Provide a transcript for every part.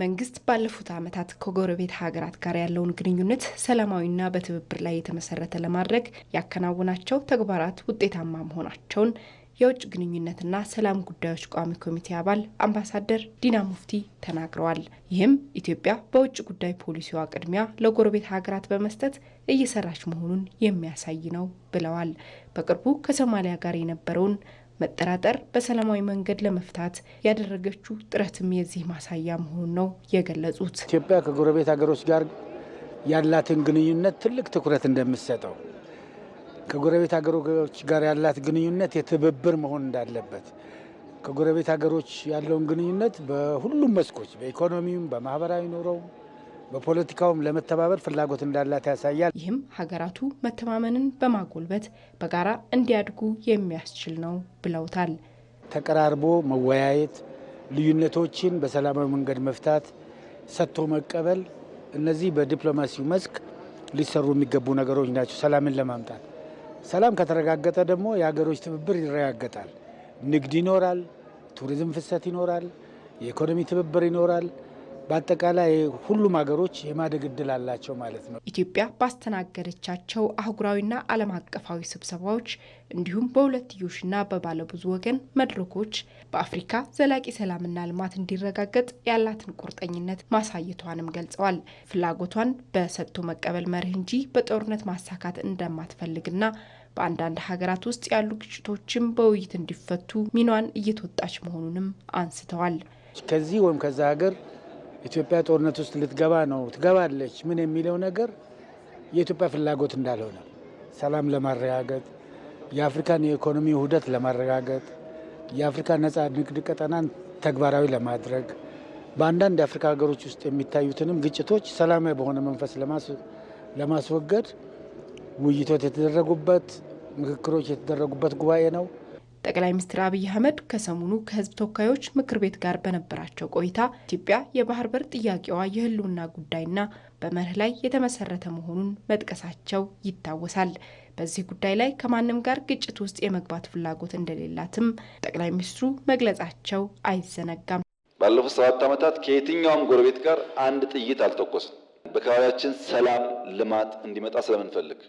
መንግስት ባለፉት ዓመታት ከጎረቤት ሀገራት ጋር ያለውን ግንኙነት ሰላማዊና በትብብር ላይ የተመሰረተ ለማድረግ ያከናውናቸው ተግባራት ውጤታማ መሆናቸውን የውጭ ግንኙነትና ሰላም ጉዳዮች ቋሚ ኮሚቴ አባል አምባሳደር ዲና ሙፍቲ ተናግረዋል። ይህም ኢትዮጵያ በውጭ ጉዳይ ፖሊሲዋ ቅድሚያ ለጎረቤት ሀገራት በመስጠት እየሰራች መሆኑን የሚያሳይ ነው ብለዋል። በቅርቡ ከሶማሊያ ጋር የነበረውን መጠራጠር በሰላማዊ መንገድ ለመፍታት ያደረገችው ጥረትም የዚህ ማሳያ መሆን ነው የገለጹት። ኢትዮጵያ ከጎረቤት ሀገሮች ጋር ያላትን ግንኙነት ትልቅ ትኩረት እንደምትሰጠው ከጎረቤት ሀገሮች ጋር ያላት ግንኙነት የትብብር መሆን እንዳለበት ከጎረቤት ሀገሮች ያለውን ግንኙነት በሁሉም መስኮች በኢኮኖሚውም በማህበራዊ ኑሮውም በፖለቲካውም ለመተባበር ፍላጎት እንዳላት ያሳያል። ይህም ሀገራቱ መተማመንን በማጎልበት በጋራ እንዲያድጉ የሚያስችል ነው ብለውታል። ተቀራርቦ መወያየት፣ ልዩነቶችን በሰላማዊ መንገድ መፍታት፣ ሰጥቶ መቀበል፣ እነዚህ በዲፕሎማሲው መስክ ሊሰሩ የሚገቡ ነገሮች ናቸው። ሰላምን ለማምጣት ሰላም ከተረጋገጠ ደግሞ የሀገሮች ትብብር ይረጋገጣል። ንግድ ይኖራል፣ ቱሪዝም ፍሰት ይኖራል፣ የኢኮኖሚ ትብብር ይኖራል። በአጠቃላይ ሁሉም ሀገሮች የማደግ እድል አላቸው ማለት ነው። ኢትዮጵያ ባስተናገደቻቸው አህጉራዊና ዓለም አቀፋዊ ስብሰባዎች እንዲሁም በሁለትዮሽና በባለብዙ ወገን መድረኮች በአፍሪካ ዘላቂ ሰላምና ልማት እንዲረጋገጥ ያላትን ቁርጠኝነት ማሳየቷንም ገልጸዋል። ፍላጎቷን በሰጥቶ መቀበል መርህ እንጂ በጦርነት ማሳካት እንደማትፈልግና በአንዳንድ ሀገራት ውስጥ ያሉ ግጭቶችም በውይይት እንዲፈቱ ሚኗን እየተወጣች መሆኑንም አንስተዋል። ከዚህ ወይም ከዛ ሀገር ኢትዮጵያ ጦርነት ውስጥ ልትገባ ነው ትገባለች ምን የሚለው ነገር የኢትዮጵያ ፍላጎት እንዳልሆነ ሰላም ለማረጋገጥ የአፍሪካን የኢኮኖሚ ውህደት ለማረጋገጥ የአፍሪካ ነፃ ንግድ ቀጠናን ተግባራዊ ለማድረግ በአንዳንድ የአፍሪካ ሀገሮች ውስጥ የሚታዩትንም ግጭቶች ሰላማዊ በሆነ መንፈስ ለማስወገድ ውይይቶች የተደረጉበት ምክክሮች የተደረጉበት ጉባኤ ነው። ጠቅላይ ሚኒስትር አብይ አህመድ ከሰሞኑ ከህዝብ ተወካዮች ምክር ቤት ጋር በነበራቸው ቆይታ ኢትዮጵያ የባህር በር ጥያቄዋ የህልውና ጉዳይና በመርህ ላይ የተመሰረተ መሆኑን መጥቀሳቸው ይታወሳል። በዚህ ጉዳይ ላይ ከማንም ጋር ግጭት ውስጥ የመግባት ፍላጎት እንደሌላትም ጠቅላይ ሚኒስትሩ መግለጻቸው አይዘነጋም። ባለፉት ሰባት ዓመታት ከየትኛውም ጎረቤት ጋር አንድ ጥይት አልተኮስም። በአካባቢያችን ሰላም፣ ልማት እንዲመጣ ስለምንፈልግ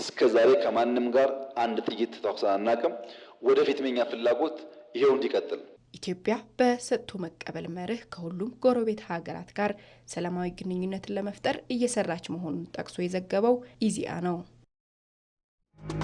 እስከ ዛሬ ከማንም ጋር አንድ ጥይት ተኩሰን አናውቅም። ወደፊት የኛ ፍላጎት ይሄው እንዲቀጥል ኢትዮጵያ በሰጥቶ መቀበል መርህ ከሁሉም ጎረቤት ሀገራት ጋር ሰላማዊ ግንኙነትን ለመፍጠር እየሰራች መሆኑን ጠቅሶ የዘገበው ኢዜአ ነው።